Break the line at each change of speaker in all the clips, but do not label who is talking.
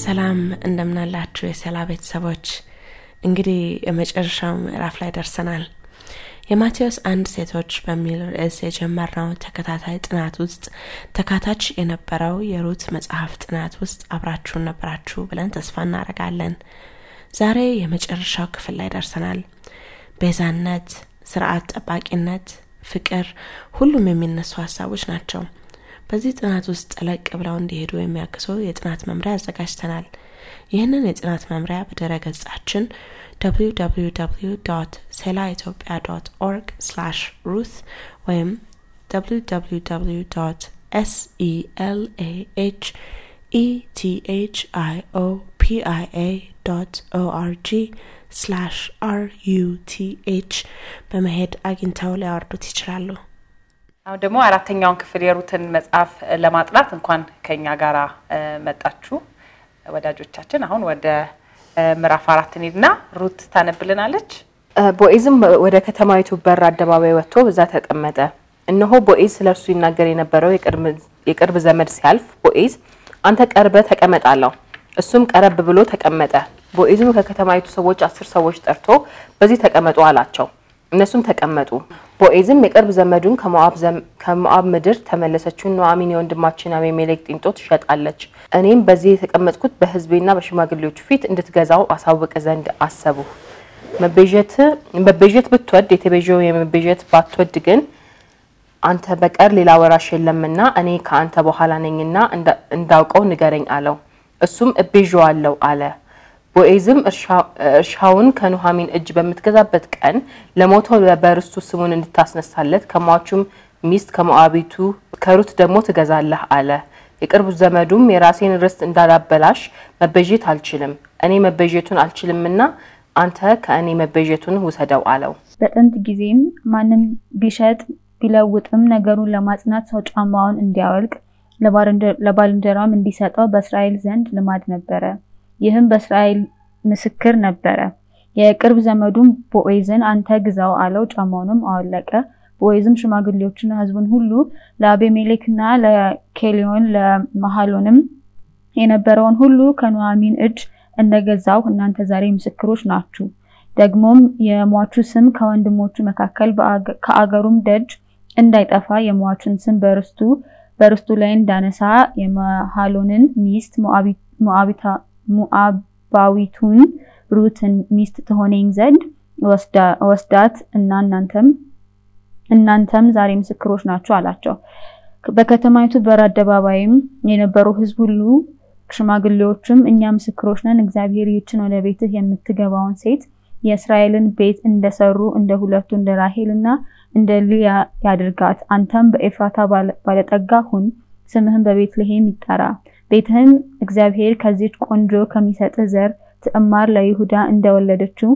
ሰላም እንደምናላችሁ የሰላ ቤተሰቦች እንግዲህ የመጨረሻው ምዕራፍ ላይ ደርሰናል የማቴዎስ አንድ ሴቶች በሚል ርዕስ የጀመርነው ተከታታይ ጥናት ውስጥ ተካታች የነበረው የሩት መጽሐፍ ጥናት ውስጥ አብራችሁን ነበራችሁ ብለን ተስፋ እናረጋለን ዛሬ የመጨረሻው ክፍል ላይ ደርሰናል ቤዛነት፣ ስርዓት ጠባቂነት፣ ፍቅር ሁሉም የሚነሱ ሀሳቦች ናቸው። በዚህ ጥናት ውስጥ ጠለቅ ብለው እንዲሄዱ የሚያግዘው የጥናት መምሪያ አዘጋጅተናል። ይህንን የጥናት መምሪያ በድረ ገጻችን ሴላ ኢትዮጵያ ኦርግ ሩት ወይም www selahethiopiia ኦርጂ ስላሽ አር በመሄድ አግኝተው ሊያወርዱት ይችላሉ።
አሁን ደግሞ አራተኛውን ክፍል የሩትን መጽሐፍ ለማጥናት እንኳን ከኛ ጋር መጣችሁ ወዳጆቻችን። አሁን ወደ ምዕራፍ አራት እንሂድና ሩት ታነብልናለች።
ቦኤዝም ወደ ከተማይቱ በር አደባባይ ወጥቶ በዛ ተቀመጠ። እነሆ ቦኤዝ ስለ እርሱ ይናገር የነበረው የቅርብ ዘመድ ሲያልፍ ቦኤዝ አንተ ቀርበ ተቀመጥ አለው። እሱም ቀረብ ብሎ ተቀመጠ። ቦኤዝም ከከተማይቱ ሰዎች አስር ሰዎች ጠርቶ በዚህ ተቀመጡ አላቸው። እነሱም ተቀመጡ። ቦኤዝም የቅርብ ዘመዱን ከሞአብ ምድር ተመለሰችውን ኑዓሚን የወንድማችን አቤሜሌክ ጢንጦ ትሸጣለች። እኔም በዚህ የተቀመጥኩት በሕዝቤና በሽማግሌዎቹ ፊት እንድትገዛው አሳውቅ ዘንድ አሰቡ። መቤዠት ብትወድ የተቤዠው የመቤዠት ባትወድ ግን አንተ በቀር ሌላ ወራሽ የለምና እኔ ከአንተ በኋላ ነኝና እንዳውቀው ንገረኝ አለው። እሱም እቤዠዋለሁ አለ። ቦዔዝም እርሻውን ከኑኃሚን እጅ በምትገዛበት ቀን ለሞተው በርስቱ ስሙን እንድታስነሳለት ከሟቹም ሚስት ከሞዓቢቱ ከሩት ደግሞ ትገዛለህ አለ። የቅርብ ዘመዱም የራሴን ርስት እንዳላበላሽ መበጀት አልችልም፣ እኔ መቤዠቱን አልችልምና አንተ ከእኔ መበጀቱን ውሰደው አለው።
በጥንት ጊዜም ማንም ቢሸጥ ቢለውጥም ነገሩን ለማጽናት ሰው ጫማውን እንዲያወልቅ ለባልንጀራውም እንዲሰጠው በእስራኤል ዘንድ ልማድ ነበረ። ይህም በእስራኤል ምስክር ነበረ። የቅርብ ዘመዱም ቦኤዝን አንተ ግዛው አለው። ጫማውንም አወለቀ። ቦኤዝም ሽማግሌዎችና ህዝቡን ሁሉ ለአቤሜሌክና ለኬሊዮን ለመሃሎንም የነበረውን ሁሉ ከኑኃሚን እጅ እንደገዛው እናንተ ዛሬ ምስክሮች ናችሁ። ደግሞም የሟቹ ስም ከወንድሞቹ መካከል ከአገሩም ደጅ እንዳይጠፋ የሟቹን ስም በርስቱ በርስቱ ላይ እንዳነሳ የመሃሎንን ሚስት ሙአባዊቱን ሩትን ሚስት ትሆነኝ ዘንድ ወስዳት እና እናንተም እናንተም ዛሬ ምስክሮች ናችሁ አላቸው። በከተማይቱ በር አደባባይም የነበሩ ሕዝብ ሁሉ ሽማግሌዎችም እኛ ምስክሮች ነን፣ እግዚአብሔር ይችን ወደ ቤትህ የምትገባውን ሴት የእስራኤልን ቤት እንደሰሩ እንደ ሁለቱ እንደ ራሄል እና እንደ ልያ ያድርጋት። አንተም በኤፍራታ ባለጠጋ ሁን፣ ስምህን በቤትልሔም ይጠራ፣ ቤትህን እግዚአብሔር ከዚች ቆንጆ ከሚሰጥህ ዘር ትዕማር ለይሁዳ እንደወለደችው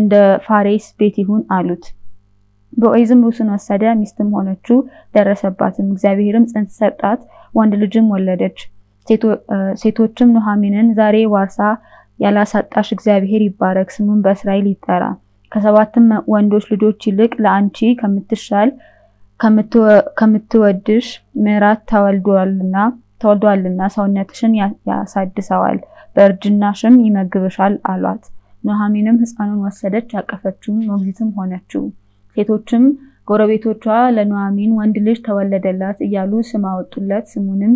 እንደ ፋሬስ ቤት ይሁን አሉት። ቦዔዝም ሩስን ወሰደ፣ ሚስትም ሆነችው፣ ደረሰባትም። እግዚአብሔርም ጽንስ ሰጣት፣ ወንድ ልጅም ወለደች። ሴቶችም ኑኃሚንን ዛሬ ዋርሳ ያላሳጣሽ እግዚአብሔር ይባረክ፣ ስሙም በእስራኤል ይጠራ፣ ከሰባትም ወንዶች ልጆች ይልቅ ለአንቺ ከምትሻል ከምትወድሽ ምዕራት ተወልዷልና ተወልዷልና ሰውነትሽን ያሳድሰዋል፣ በእርጅናሽም ይመግብሻል አሏት። ኑኃሚንም ሕፃኑን ወሰደች፣ ያቀፈችም፣ ሞግዚትም ሆነችው። ሴቶችም ጎረቤቶቿ ለኑኃሚን ወንድ ልጅ ተወለደላት እያሉ ስም አወጡለት። ስሙንም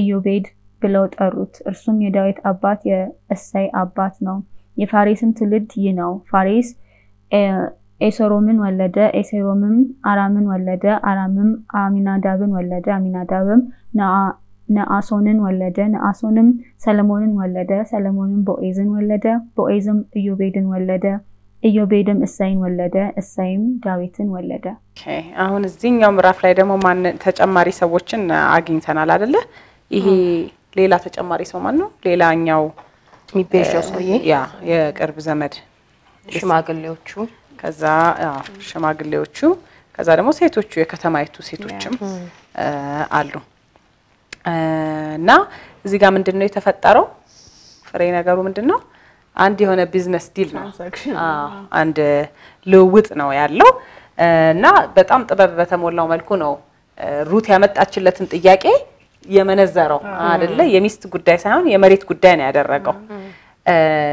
ኢዮቤድ ብለው ጠሩት። እርሱም የዳዊት አባት የእሴይ አባት ነው። የፋሬስም ትውልድ ይህ ነው። ፋሬስ ኤሶሮምን ወለደ። ኤሴሮምም አራምን ወለደ። አራምም አሚናዳብን ወለደ። አሚናዳብም ነአሶንን ወለደ። ነአሶንም ሰለሞንን ወለደ። ሰለሞንም ቦኤዝን ወለደ። ቦኤዝም ኢዮቤድን ወለደ። ኢዮቤድም እሳይን ወለደ። እሳይም ዳዊትን ወለደ።
አሁን እዚህኛው ምዕራፍ ላይ ደግሞ ማን ተጨማሪ ሰዎችን አግኝተናል አደለ? ይሄ ሌላ ተጨማሪ ሰው ማን ነው? ሌላኛው
የሚቤዣው ሰውዬ ያ
የቅርብ ዘመድ ሽማግሌዎቹ፣ ከዛ ሽማግሌዎቹ፣ ከዛ ደግሞ ሴቶቹ የከተማይቱ ሴቶችም አሉ። እና እዚህ ጋር ምንድን ነው የተፈጠረው? ፍሬ ነገሩ ምንድን ነው? አንድ የሆነ ቢዝነስ ዲል ነው፣ አንድ ልውውጥ ነው ያለው እና በጣም ጥበብ በተሞላው መልኩ ነው ሩት ያመጣችለትን ጥያቄ የመነዘረው አይደለ። የሚስት ጉዳይ ሳይሆን የመሬት ጉዳይ ነው ያደረገው።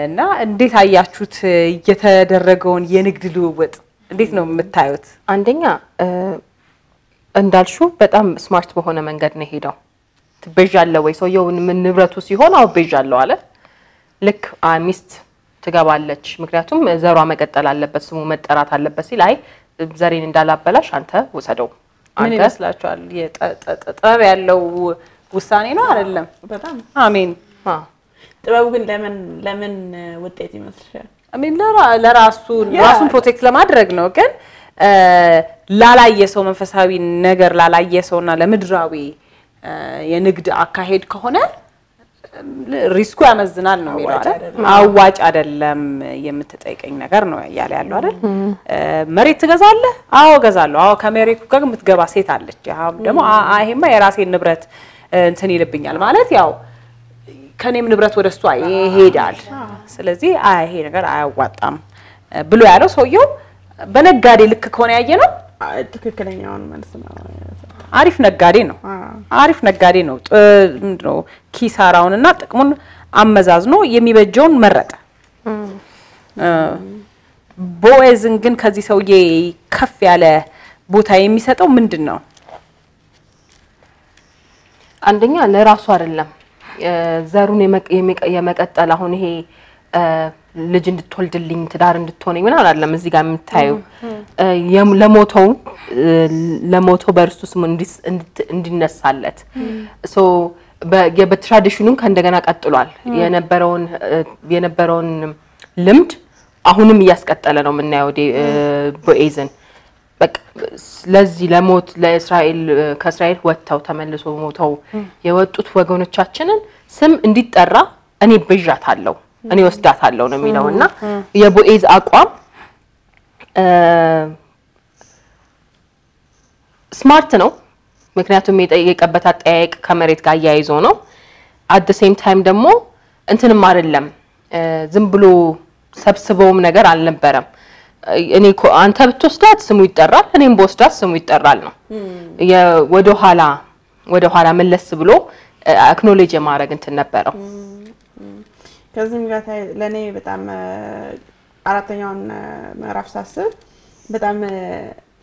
እና እንዴት አያችሁት እየተደረገውን
የንግድ ልውውጥ እንዴት ነው የምታዩት? አንደኛ እንዳልሹ በጣም ስማርት በሆነ መንገድ ነው ሄደው ትቤዣለህ ወይ? ሰውየውን ምን ንብረቱ ሲሆን አው ቤዣለሁ አለ። ልክ ሚስት ትገባለች፣ ምክንያቱም ዘሯ መቀጠል አለበት፣ ስሙ መጠራት አለበት ሲል አይ ዘሬን እንዳላበላሽ አንተ ውሰደው። ምን ይመስላችኋል? ጥበብ ያለው ውሳኔ ነው አይደለም? በጣም አሜን።
ጥበቡ ግን ለምን ለምን ውጤት ይመስልሻል?
አሜን። ለራሱ ራሱን ፕሮቴክት ለማድረግ ነው ግን ላላየ ሰው መንፈሳዊ ነገር ላላየ ሰውና ለምድራዊ የንግድ አካሄድ ከሆነ ሪስኩ ያመዝናል ነው የሚለው አይደል? አዋጭ አይደለም የምትጠይቀኝ ነገር ነው እያለ ያለው አይደል? መሬት ትገዛለህ? አዎ እገዛለሁ። አዎ ከመሬቱ ጋር የምትገባ ሴት አለች። አሁን ደግሞ ይሄማ የራሴን ንብረት እንትን ይልብኛል ማለት ያው ከኔም ንብረት ወደ እሷ ይሄዳል። ስለዚህ ይሄ ነገር አያዋጣም ብሎ ያለው ሰውየው በነጋዴ ልክ ከሆነ ያየ ነው
ትክክለኛውን መልስ ነው
አሪፍ ነጋዴ ነው። አሪፍ ነጋዴ ነው። ኪሳራውንና ጥቅሙን አመዛዝኖ የሚበጀውን መረጠ። ቦኤዝን ግን ከዚህ ሰውዬ ከፍ ያለ ቦታ የሚሰጠው ምንድን ነው?
አንደኛ ለራሱ አይደለም ዘሩን የመቀጠል አሁን ይሄ ልጅ እንድትወልድልኝ ትዳር እንድትሆነኝ ምን አላለም እዚህ ጋር የምታየው ለሞተው ለሞተው በእርሱ ስም እንዲነሳለት በትራዲሽኑን ከእንደገና ቀጥሏል። የነበረውን የነበረውን ልምድ አሁንም እያስቀጠለ ነው የምናየው ቦኤዝን ስለዚህ ለሞት ለእስራኤል ከእስራኤል ወጥተው ተመልሶ ሞተው የወጡት ወገኖቻችንን ስም እንዲጠራ እኔ አለው እኔ ወስዳት አለው ነው የሚለው እና የቦኤዝ አቋም ስማርት ነው። ምክንያቱም የጠየቀበት አጠያየቅ ከመሬት ጋር አያይዞ ነው። አደ ሴም ታይም ደግሞ እንትንም አይደለም ዝም ብሎ ሰብስበውም ነገር አልነበረም። እኔ አንተ ብትወስዳት ስሙ ይጠራል፣ እኔም በወስዳት ስሙ ይጠራል ነው ወደኋላ ወደኋላ መለስ ብሎ አክኖሌጅ የማድረግ እንትን ነበረው።
ከዚህም ጋር ለእኔ በጣም አራተኛውን ምዕራፍ ሳስብ በጣም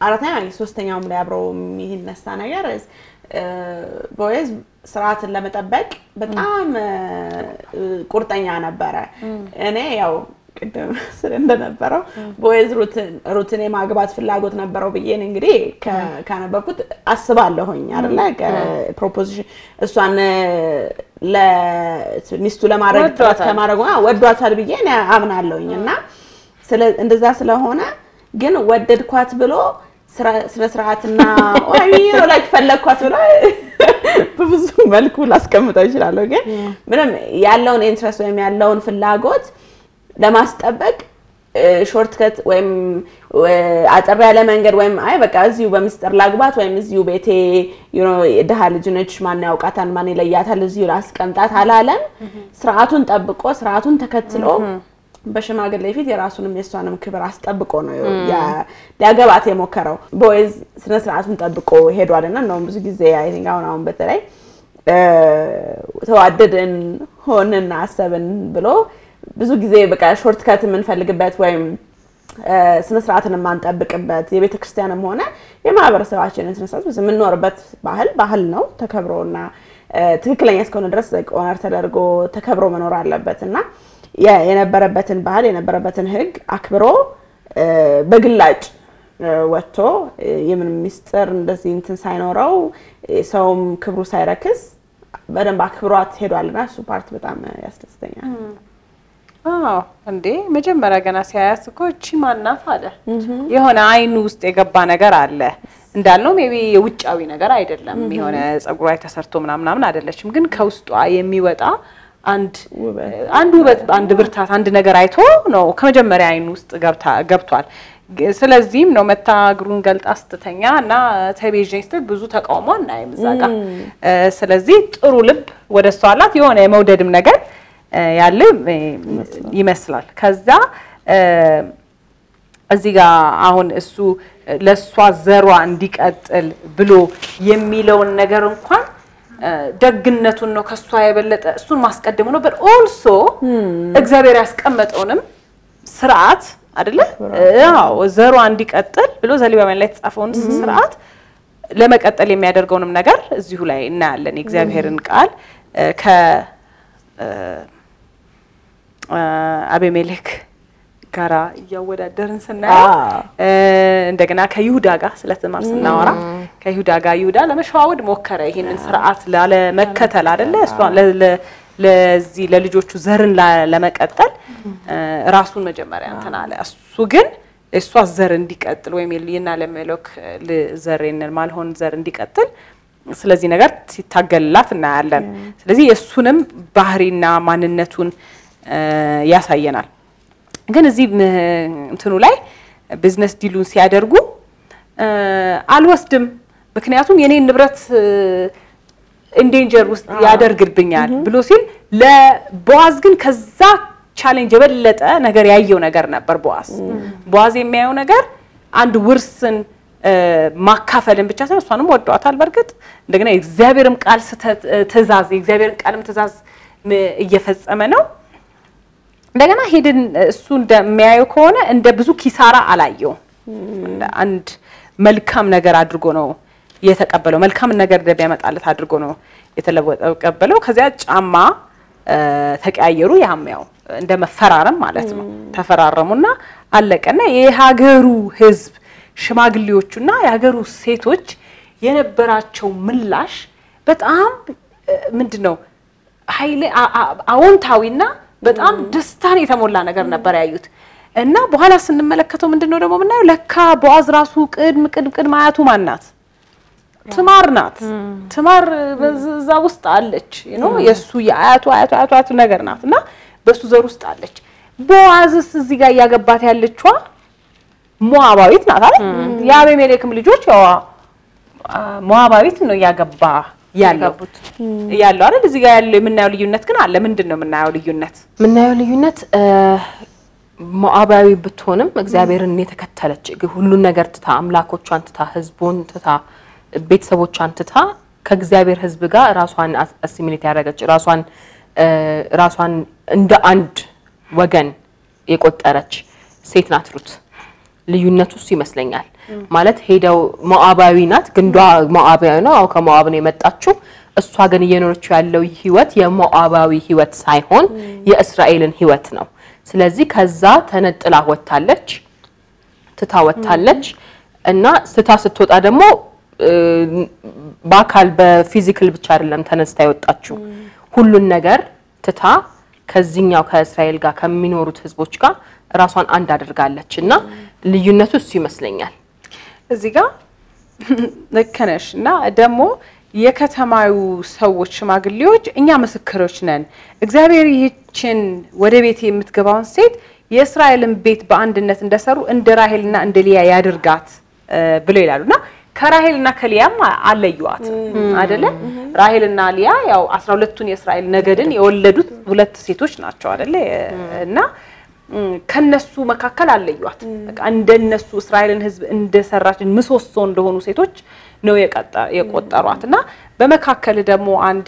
አራተኛ ሶስተኛውም ላይ አብሮ የሚነሳ ነገር ቦዝ ስርዓትን ለመጠበቅ በጣም ቁርጠኛ ነበረ። እኔ ያው ቅድም ስል እንደነበረው ቦዝ ሩትን የማግባት ፍላጎት ነበረው ብዬን እንግዲህ ካነበብኩት አስባለሁኝ አለ ፕሮፖዚሽን እሷን ለሚስቱ ለማድረግ ከማድረጉ ወዷታል ብዬ አምናለሁኝ እና እንደዛ ስለሆነ ግን ወደድኳት ብሎ ስለ ስርዓትና ላይ ፈለግኳት ብሎ በብዙ መልኩ ላስቀምጠው ይችላለሁ። ግን ምንም ያለውን ኢንትረስት ወይም ያለውን ፍላጎት ለማስጠበቅ ሾርትከት ወይም አጠር ያለ መንገድ ወይም አይ በቃ እዚሁ በምስጢር ላግባት ወይም እዚሁ ቤቴ ድሃ ልጅ ነች፣ ማን ያውቃታል፣ ማን ይለያታል፣ እዚሁ ላስቀምጣት አላለም። ስርዓቱን ጠብቆ ስርዓቱን ተከትሎ በሽማግሌ ፊት የራሱንም የእሷንም ክብር አስጠብቆ ነው ሊያገባት የሞከረው። በወይዝ ስነ ስርዓቱን ጠብቆ ሄዷል። እና እንደውም ብዙ ጊዜ አይንክ አሁን አሁን በተለይ ተዋደድን ሆንና አሰብን ብሎ ብዙ ጊዜ በቃ ሾርትከት የምንፈልግበት ወይም ስነስርዓትን የማንጠብቅበት የቤተ ክርስቲያንም ሆነ የማህበረሰባችንን ስነስርዓት የምንኖርበት ባህል ባህል ነው። ተከብሮና ትክክለኛ እስከሆነ ድረስ ኦነር ተደርጎ ተከብሮ መኖር አለበት እና የነበረበትን ባህል የነበረበትን ህግ አክብሮ በግላጭ ወጥቶ የምን ሚስጥር እንደዚህ እንትን ሳይኖረው ሰውም ክብሩ ሳይረክስ በደንብ አክብሯት ሄዷልና እሱ ፓርት በጣም ያስደስተኛል።
አዎ እንዴ መጀመሪያ ገና ሲያያስ እኮ እቺ ማናት አለ። የሆነ አይኑ ውስጥ የገባ ነገር አለ እንዳልነው ሜቢ የውጫዊ ነገር አይደለም። የሆነ ጸጉሯ ተሰርቶ ምናምናምን አይደለችም፣ ግን ከውስጧ የሚወጣ አንድ አንድ ውበት አንድ ብርታት አንድ ነገር አይቶ ነው ከመጀመሪያ አይን ውስጥ ገብታ ገብቷል። ስለዚህም ነው መታ እግሩን ገልጣ ስትተኛ እና ተቤዥኝ ስትል ብዙ ተቃውሞ እናይም እዛ ጋ። ስለዚህ ጥሩ ልብ ወደ እሷ አላት የሆነ የመውደድም ነገር ያለ ይመስላል። ከዛ እዚህ ጋ አሁን እሱ ለእሷ ዘሯ እንዲቀጥል ብሎ የሚለውን ነገር እንኳን ደግነቱን ነው ከእሷ የበለጠ እሱን ማስቀደሙ ነው። በት ኦልሶ hmm. እግዚአብሔር ያስቀመጠውንም ስርዓት አደለ ዘሯ እንዲቀጥል ብሎ ዘሊባውያን ላይ የተጻፈውን hmm. ስርዓት ለመቀጠል የሚያደርገውንም ነገር እዚሁ ላይ እናያለን። የእግዚአብሔርን hmm. ቃል ከአቤሜሌክ ጋራ እያወዳደርን ስናየ እንደገና ከይሁዳ ጋር ስለ ስናወራ ከይሁዳ ጋር ይሁዳ ለመሸዋወድ ሞከረ። ይሄንን ስርዓት ላለመከተል አይደለ እሷ ለዚህ ለልጆቹ ዘርን ለመቀጠል ራሱን መጀመሪያ እንትን አለ። እሱ ግን እሷ ዘር እንዲቀጥል ወይም የና ለመለክ ዘር ማልሆን ዘር እንዲቀጥል ስለዚህ ነገር ሲታገልላት እናያለን። ስለዚህ የእሱንም ባህሪና ማንነቱን ያሳየናል። ግን እዚህ እንትኑ ላይ ቢዝነስ ዲሉን ሲያደርጉ አልወስድም፣ ምክንያቱም የኔን ንብረት ኢንዴንጀር ውስጥ ያደርግብኛል ብሎ ሲል ለቦዋዝ ግን ከዛ ቻሌንጅ የበለጠ ነገር ያየው ነገር ነበር። ቦዋዝ ቦዋዝ የሚያየው ነገር አንድ ውርስን ማካፈልን ብቻ ሳይሆን እሷንም ወደዋታል። በእርግጥ እንደገና የእግዚአብሔርም ቃል ትእዛዝ የእግዚአብሔርን ቃልም ትእዛዝ እየፈጸመ ነው። እንደገና ሄድን እሱ እንደሚያየው ከሆነ እንደ ብዙ ኪሳራ አላየው። አንድ መልካም ነገር አድርጎ ነው የተቀበለው። መልካም ነገር እንደሚያመጣለት አድርጎ ነው የተቀበለው። ከዚያ ጫማ ተቀያየሩ። ያም ያው እንደ መፈራረም ማለት ነው። ተፈራረሙና አለቀና የሀገሩ ህዝብ ሽማግሌዎቹና የሀገሩ ሴቶች የነበራቸው ምላሽ በጣም ምንድን ነው ኃይሌ አዎንታዊና በጣም ደስታን የተሞላ ነገር ነበር ያዩት። እና በኋላ ስንመለከተው ምንድነው ደግሞ የምናየው ለካ በዋዝ ራሱ ቅድም ቅድም ቅድም አያቱ ማናት ትማር ናት። ትማር በዛ ውስጥ አለች ነው የእሱ የአያቱ አያቱ አያቱ ነገር ናት እና በእሱ ዘር ውስጥ አለች። ቦአዝስ እዚህ ጋር እያገባት ያለችዋ ሞአባዊት ናት አይደል? የአቤሜሌክም ልጆች ያው ሞአባዊት ነው እያገባ ያለው ያለው አይደል? እዚህ ጋር ያለው የምናየው ልዩነት ግን አለ። ምንድን ነው የምናየው ልዩነት?
የምናየው ልዩነት ሞዓባዊ ብትሆንም እግዚአብሔርን የተከተለች ሁሉን ነገር ትታ፣ አምላኮቿን ትታ፣ ህዝቡን ትታ፣ ቤተሰቦቿን ትታ ከእግዚአብሔር ህዝብ ጋር ራሷን አሲሚሌት ያደረገች ራሷን ራሷን እንደ አንድ ወገን የቆጠረች ሴት ናት ሩት። ልዩነት ውስጥ ይመስለኛል። ማለት ሄደው ሞአባዊ ናት፣ ግንዷ ሞአባዊ ነው። አው ከሞአብ ነው የመጣችው። እሷ ግን እየኖረችው ያለው ህይወት የሞአባዊ ህይወት ሳይሆን የእስራኤልን ህይወት ነው። ስለዚህ ከዛ ተነጥላ ወጥታለች፣ ትታ ወጥታለች እና ስታ ስትወጣ ደግሞ በአካል በፊዚክል ብቻ አይደለም ተነስታ የወጣችው ሁሉን ነገር ትታ ከዚህኛው ከእስራኤል ጋር ከሚኖሩት ህዝቦች ጋር ራሷን አንድ አድርጋለች እና ልዩነቱ እሱ ይመስለኛል። እዚህ ጋር ልክ ነሽ። እና ደግሞ
የከተማዩ ሰዎች ሽማግሌዎች እኛ ምስክሮች ነን። እግዚአብሔር ይህችን ወደ ቤት የምትገባውን ሴት የእስራኤልን ቤት በአንድነት እንደሰሩ እንደ ራሄልና እንደ ሊያ ያድርጋት ብለው ይላሉና ከራሄልና ከሊያም አለዩዋት አደለ? ራሄልና ሊያ ያው አስራ ሁለቱን የእስራኤል ነገድን የወለዱት ሁለት ሴቶች ናቸው አደለ? እና ከነሱ መካከል አለዩት። በቃ እንደነሱ እስራኤልን ህዝብ እንደሰራች ምሰሶ እንደሆኑ ሴቶች ነው የቆጠሯት እና በመካከል ደግሞ አንድ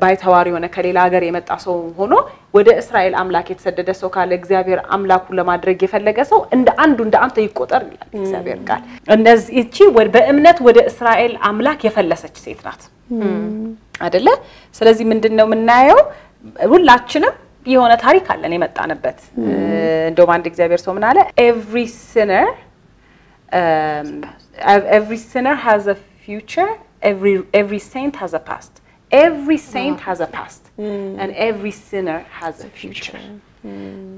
ባይተዋር የሆነ ከሌላ ሀገር የመጣ ሰው ሆኖ ወደ እስራኤል አምላክ የተሰደደ ሰው ካለ እግዚአብሔር አምላኩን ለማድረግ የፈለገ ሰው እንደ አንዱ እንደ አንተ ይቆጠር ይላል እግዚአብሔር ቃል። እነዚህ እቺ በእምነት ወደ እስራኤል አምላክ የፈለሰች ሴት ናት አይደለ? ስለዚህ ምንድን ነው የምናየው ሁላችንም የሆነ ታሪክ አለን የመጣንበት። እንደውም አንድ እግዚአብሔር ሰው ምን አለ? ኤቭሪ ሲነር ኤቭሪ ሲነር ሃዝ ፊውቸር ኤቭሪ ሴንት ሃዝ ፓስት ኤቭሪ ሴንት ሃዝ ፓስት ኤንድ ኤቭሪ ሲነር ሃዝ ፊውቸር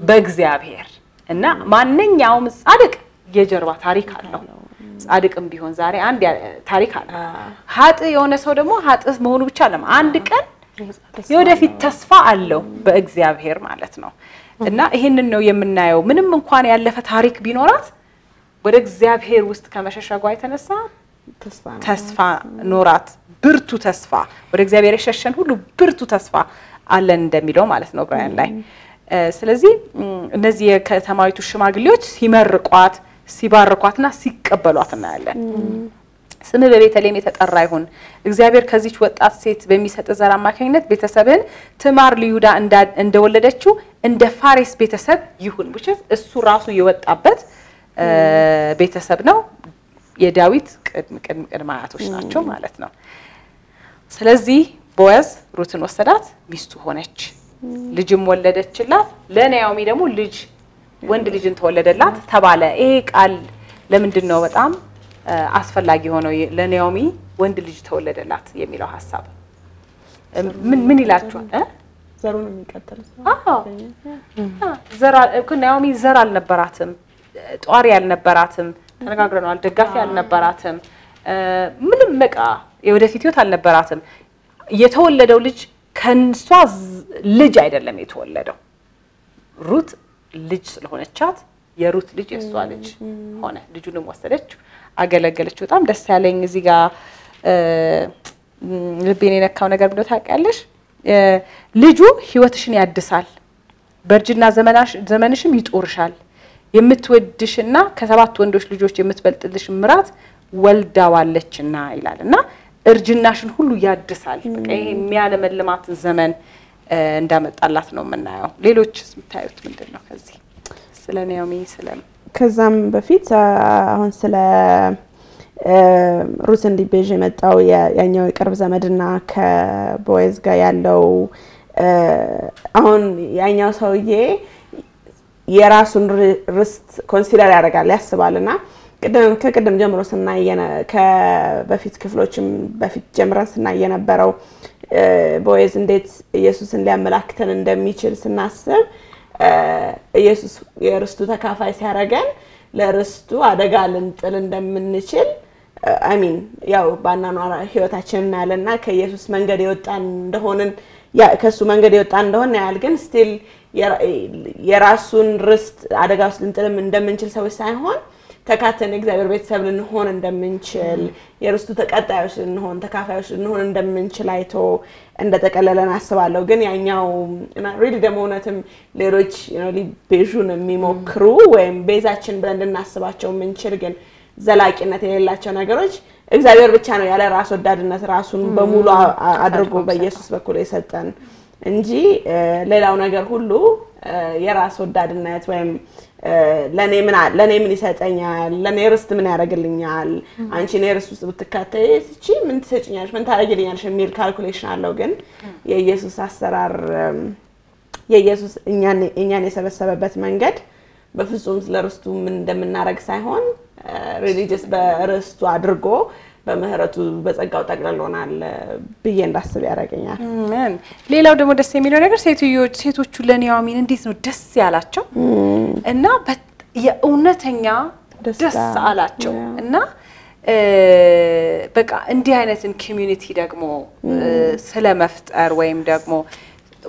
በእግዚአብሔር እና ማንኛውም ጻድቅ የጀርባ ታሪክ አለው። ጻድቅም ቢሆን ዛሬ አንድ ታሪክ አለ። ሀጥ የሆነ ሰው ደግሞ ሀጥ መሆኑ ብቻ አለም አንድ ቀን የወደፊት ተስፋ አለው በእግዚአብሔር ማለት ነው። እና ይህንን ነው የምናየው። ምንም እንኳን ያለፈ ታሪክ ቢኖራት ወደ እግዚአብሔር ውስጥ ከመሸሸጓ የተነሳ ተስፋ ኖራት። ብርቱ ተስፋ ወደ እግዚአብሔር የሸሸን ሁሉ ብርቱ ተስፋ አለን እንደሚለው ማለት ነው ብራያን ላይ። ስለዚህ እነዚህ የከተማዊቱ ሽማግሌዎች ሲመርቋት፣ ሲባርኳትና ሲቀበሏት እናያለን። ስምህ በቤተልሔም የተጠራ ይሁን። እግዚአብሔር ከዚች ወጣት ሴት በሚሰጥ ዘር አማካኝነት ቤተሰብህን ትማር ልዩዳ እንደወለደችው እንደ ፋሬስ ቤተሰብ ይሁን። ብቻስ እሱ ራሱ የወጣበት ቤተሰብ ነው። የዳዊት ቅድም ቅድም ቅድም አያቶች ናቸው ማለት ነው። ስለዚህ ቦያዝ ሩትን ወሰዳት፣ ሚስቱ ሆነች፣ ልጅም ወለደችላት። ለናያሚ ደግሞ ልጅ ወንድ ልጅን ተወለደላት ተባለ። ይሄ ቃል ለምንድን ነው በጣም አስፈላጊ የሆነው ለናኦሚ ወንድ ልጅ ተወለደላት የሚለው ሀሳብ ምን ምን ይላችኋል? ዘሩን የሚቀጥል ናኦሚ ዘር አልነበራትም፣ ጧሪ አልነበራትም፣ ተነጋግረነዋል። ደጋፊ አልነበራትም፣ ምንም በቃ የወደፊት ህይወት አልነበራትም። የተወለደው ልጅ ከእንሷ ልጅ አይደለም የተወለደው ሩት ልጅ ስለሆነቻት የሩት ልጅ የእሷ ልጅ ሆነ። ልጁንም ወሰደችው። አገለገለች። በጣም ደስ ያለኝ እዚህ ጋር ልቤን የነካው ነገር ብሎ ታውቂያለሽ፣ ልጁ ህይወትሽን ያድሳል፣ በእርጅና ዘመንሽም ይጦርሻል። የምትወድሽና ከሰባት ወንዶች ልጆች የምትበልጥልሽ ምራት ወልዳዋለችና ይላል እና እርጅናሽን ሁሉ ያድሳል። በቃ ይሄ የሚያለመልማት ዘመን እንዳመጣላት ነው የምናየው። ሌሎች የምታዩት ምንድን ነው? ከዚህ ስለ ናኦሚ ስለም
ከዛም በፊት አሁን ስለ ሩስ እንዲቤዥ የመጣው ያኛው የቅርብ ዘመድና ከቦይዝ ጋር ያለው አሁን ያኛው ሰውዬ የራሱን ርስት ኮንሲደር ያደርጋል ያስባል እና ከቅድም ጀምሮ ስናየ በፊት ክፍሎችም በፊት ጀምረን ስናየ የነበረው ቦይዝ እንዴት ኢየሱስን ሊያመላክተን እንደሚችል ስናስብ ኢየሱስ የርስቱ ተካፋይ ሲያደርገን ለርስቱ አደጋ ልንጥል እንደምንችል አሚን ያው ባናኗራ ህይወታችን እናያለና ከኢየሱስ መንገድ የወጣን እንደሆንን ከእሱ መንገድ የወጣን እንደሆን ያህል ግን ስቲል የራሱን ርስት አደጋ ውስጥ ልንጥልም እንደምንችል ሰዎች ሳይሆን ተካተን የእግዚአብሔር ቤተሰብ ልንሆን እንደምንችል የርስቱ ተቀጣዮች ልንሆን ተካፋዮች ልንሆን እንደምንችል አይቶ እንደጠቀለለን አስባለሁ። ግን ያኛው ሪሊ ደግሞ እውነትም ሌሎች ሊቤዡን የሚሞክሩ ወይም ቤዛችን ብለን ልናስባቸው የምንችል ግን ዘላቂነት የሌላቸው ነገሮች እግዚአብሔር ብቻ ነው ያለ ራስ ወዳድነት ራሱን በሙሉ አድርጎ በኢየሱስ በኩል የሰጠን እንጂ ሌላው ነገር ሁሉ የራስ ወዳድነት ወይም ለእኔ ምን ይሰጠኛል? ለእኔ ርስት ምን ያደርግልኛል? አንቺ እኔ ርስት ውስጥ ብትካተይ እቺ ምን ትሰጭኛለሽ? ምን ታደርግልኛለሽ? የሚል ካልኩሌሽን አለው። ግን የኢየሱስ አሰራር የኢየሱስ እኛን የሰበሰበበት መንገድ በፍጹም ስለ ርስቱ ምን እንደምናደርግ ሳይሆን ሪሊጅስ በርስቱ አድርጎ በምህረቱ በጸጋው ጠቅልሎናል ብዬ እንዳስብ ያደርገኛል።
ሌላው ደግሞ ደስ የሚለው ነገር ሴቶቹ ለኒያሚን እንዴት ነው ደስ ያላቸው እና የእውነተኛ ደስ አላቸው እና በቃ እንዲህ አይነትን ኮሚዩኒቲ ደግሞ ስለመፍጠር ወይም ደግሞ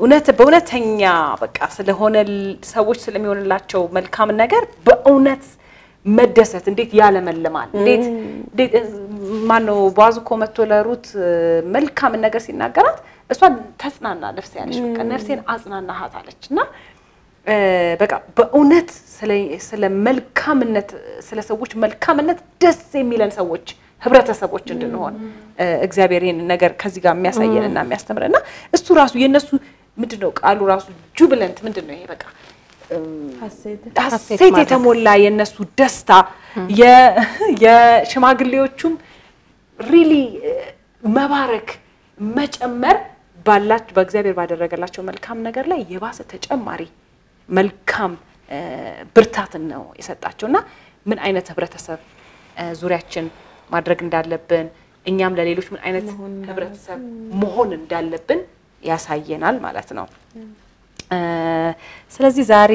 እውነት በእውነተኛ በቃ ስለሆነ ሰዎች ስለሚሆንላቸው መልካም ነገር በእውነት መደሰት እንዴት ያለመልማል። እንዴት ማነው ባዙ እኮ መቶ ለሩት መልካምን ነገር ሲናገራት እሷ ተጽናና ነፍሴ ያለች በቃ ነፍሴን አጽናናሃት አለች እና በቃ በእውነት ስለ መልካምነት ስለ ሰዎች መልካምነት ደስ የሚለን ሰዎች ህብረተሰቦች እንድንሆን እግዚአብሔር ይህን ነገር ከዚህ ጋር የሚያሳየን እና የሚያስተምረን እና እሱ ራሱ የእነሱ ምንድን ነው ቃሉ ራሱ ጁብለንት ምንድን ነው ይሄ በቃ ሀሴት የተሞላ የእነሱ ደስታ የሽማግሌዎቹም ሪሊ መባረክ መጨመር ባላችሁ በእግዚአብሔር ባደረገላቸው መልካም ነገር ላይ የባሰ ተጨማሪ መልካም ብርታትን ነው የሰጣቸው እና ምን አይነት ህብረተሰብ ዙሪያችን ማድረግ እንዳለብን እኛም ለሌሎች ምን አይነት ህብረተሰብ መሆን እንዳለብን ያሳየናል ማለት ነው። ስለዚህ ዛሬ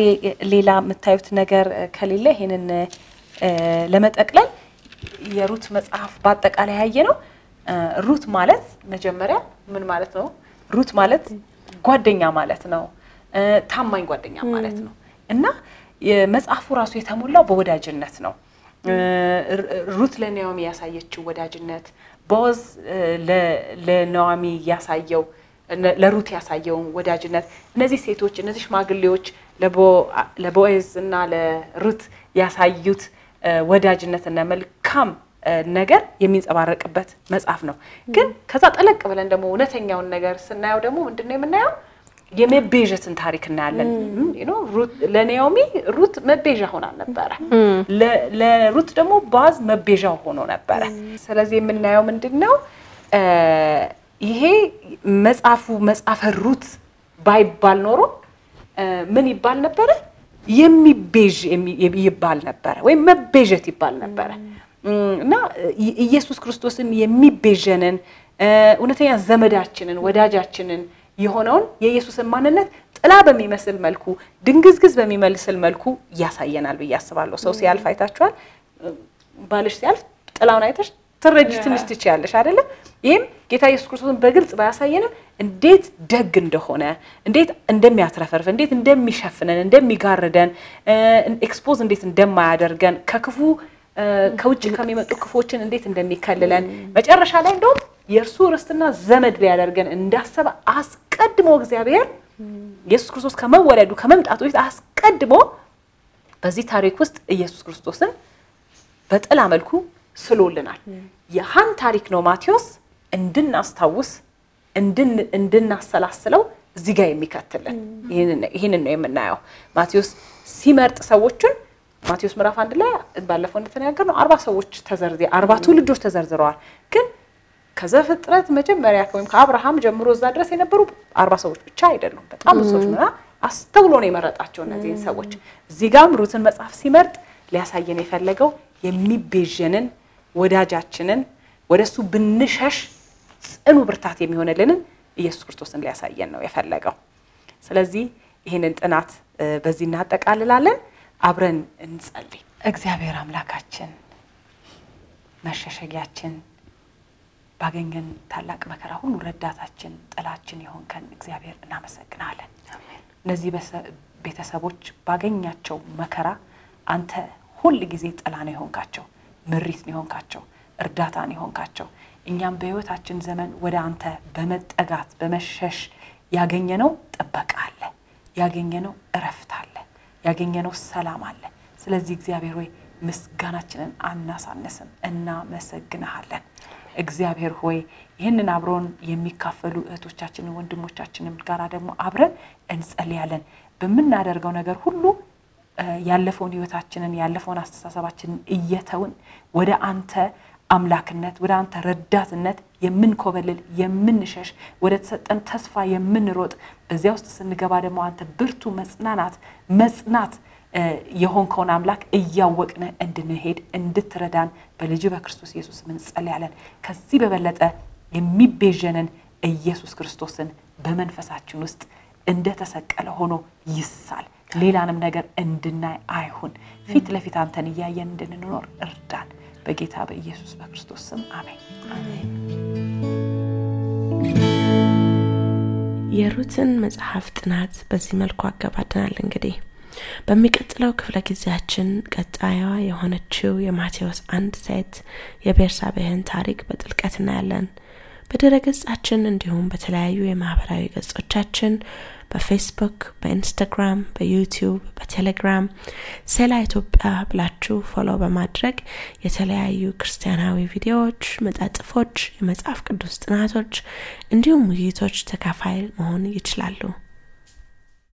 ሌላ የምታዩት ነገር ከሌለ ይሄንን ለመጠቅለል የሩት መጽሐፍ በአጠቃላይ ያየ ነው። ሩት ማለት መጀመሪያ ምን ማለት ነው? ሩት ማለት ጓደኛ ማለት ነው። ታማኝ ጓደኛ ማለት ነው እና መጽሐፉ ራሱ የተሞላው በወዳጅነት ነው። ሩት ለናኦሚ ያሳየችው ወዳጅነት፣ ቦዝ ለነዋሚ ያሳየው ለሩት ያሳየውን ወዳጅነት እነዚህ ሴቶች እነዚህ ሽማግሌዎች ለቦኤዝ እና ለሩት ያሳዩት ወዳጅነትና መልካም ነገር የሚንጸባረቅበት መጽሐፍ ነው። ግን ከዛ ጠለቅ ብለን ደግሞ እውነተኛውን ነገር ስናየው ደግሞ ምንድን ነው የምናየው? የመቤዠትን ታሪክ እናያለን። ለኔዮሚ ሩት መቤዣ ሆና ነበረ፣ ለሩት ደግሞ ባዝ መቤዣው ሆኖ ነበረ። ስለዚህ የምናየው ምንድን ነው ይሄ መጽሐፉ መጽሐፈ ሩት ባይባል ኖሮ ምን ይባል ነበረ? የሚቤዥ ይባል ነበረ፣ ወይም መቤዠት ይባል ነበረ እና ኢየሱስ ክርስቶስን የሚቤዠንን እውነተኛ ዘመዳችንን ወዳጃችንን የሆነውን የኢየሱስን ማንነት ጥላ በሚመስል መልኩ ድንግዝግዝ በሚመስል መልኩ ያሳየናል ብዬ አስባለሁ። ሰው ሲያልፍ አይታችኋል። ባልሽ ሲያልፍ ጥላውን አይተሽ ትረጅ ትንሽ ትችያለሽ አይደለም? ይህም ጌታ ኢየሱስ ክርስቶስን በግልጽ ባያሳየንም እንዴት ደግ እንደሆነ እንዴት እንደሚያትረፈርፍ እንዴት እንደሚሸፍነን እንደሚጋርደን ኤክስፖዝ እንዴት እንደማያደርገን ከክፉ ከውጭ ከሚመጡ ክፎችን እንዴት እንደሚከልለን መጨረሻ ላይ እንደውም የእርሱ ርስትና ዘመድ ሊያደርገን እንዳሰበ አስቀድሞ እግዚአብሔር ኢየሱስ ክርስቶስ ከመወለዱ ከመምጣቱ ፊት አስቀድሞ በዚህ ታሪክ ውስጥ ኢየሱስ ክርስቶስን በጥላ መልኩ ስሎልናል። ያህን ታሪክ ነው ማቴዎስ እንድናስታውስ እንድናሰላስለው እዚህ ጋር የሚከትልን ይህንን ነው የምናየው። ማቴዎስ ሲመርጥ ሰዎችን ማቴዎስ ምዕራፍ አንድ ላይ ባለፈው እንደተነጋገር ነው አርባ ሰዎች ተዘርዜ አርባ ትውልዶች ተዘርዝረዋል። ግን ከዘፍጥረት መጀመሪያ ወይም ከአብርሃም ጀምሮ እዛ ድረስ የነበሩ አርባ ሰዎች ብቻ አይደሉም። በጣም ብዙ ሰዎች ና አስተውሎ ነው የመረጣቸው እነዚህን ሰዎች። እዚህ ጋም ሩትን መጽሐፍ ሲመርጥ ሊያሳየን የፈለገው የሚቤዥንን ወዳጃችንን ወደሱ ብንሸሽ ጽኑ ብርታት የሚሆንልንን ኢየሱስ ክርስቶስን ሊያሳየን ነው የፈለገው። ስለዚህ ይህንን ጥናት በዚህ እናጠቃልላለን። አብረን እንጸልይ። እግዚአብሔር አምላካችን መሸሸጊያችን፣ ባገኘን ታላቅ መከራ ሁሉ ረዳታችን፣ ጥላችን የሆንከን እግዚአብሔር እናመሰግናለን። እነዚህ ቤተሰቦች ባገኛቸው መከራ አንተ ሁል ጊዜ ጥላ ነው የሆንካቸው፣ ምሪት ነው የሆንካቸው፣ እርዳታ ነው የሆንካቸው እኛም በህይወታችን ዘመን ወደ አንተ በመጠጋት በመሸሽ ያገኘነው ጥበቃ አለ፣ ያገኘነው እረፍት አለ፣ ያገኘነው ሰላም አለ። ስለዚህ እግዚአብሔር ሆይ ምስጋናችንን አናሳነስም፣ እናመሰግንሃለን። እግዚአብሔር ሆይ ይህንን አብረውን የሚካፈሉ እህቶቻችንን ወንድሞቻችንም ጋራ ደግሞ አብረን እንጸልያለን። በምናደርገው ነገር ሁሉ ያለፈውን ህይወታችንን ያለፈውን አስተሳሰባችንን እየተውን ወደ አንተ አምላክነት ወደ አንተ ረዳትነት የምንኮበልል የምንሸሽ ወደ ተሰጠን ተስፋ የምንሮጥ በዚያ ውስጥ ስንገባ ደግሞ አንተ ብርቱ መጽናናት መጽናት የሆንከውን አምላክ እያወቅን እንድንሄድ እንድትረዳን በልጅ በክርስቶስ ኢየሱስ እንጸልያለን። ከዚህ በበለጠ የሚቤዠንን ኢየሱስ ክርስቶስን በመንፈሳችን ውስጥ እንደተሰቀለ ሆኖ ይሳል። ሌላንም ነገር እንድናይ አይሁን። ፊት ለፊት አንተን እያየን እንድንኖር እርዳን። በጌታ በኢየሱስ በክርስቶስ ስም አሜን።
የሩትን መጽሐፍ ጥናት በዚህ መልኩ አገባድናል። እንግዲህ በሚቀጥለው ክፍለ ጊዜያችን ቀጣዩዋ የሆነችው የማቴዎስ አንድ ሴት የቤርሳቤህን ታሪክ በጥልቀት እናያለን። በድረ ገጻችን እንዲሁም በተለያዩ የማህበራዊ ገጾቻችን በፌስቡክ፣ በኢንስታግራም፣ በዩቲዩብ፣ በቴሌግራም ሴላ ኢትዮጵያ ብላችሁ ፎሎ በማድረግ የተለያዩ ክርስቲያናዊ ቪዲዮዎች፣ መጣጥፎች፣ የመጽሐፍ ቅዱስ
ጥናቶች እንዲሁም ውይይቶች ተካፋይ መሆን ይችላሉ።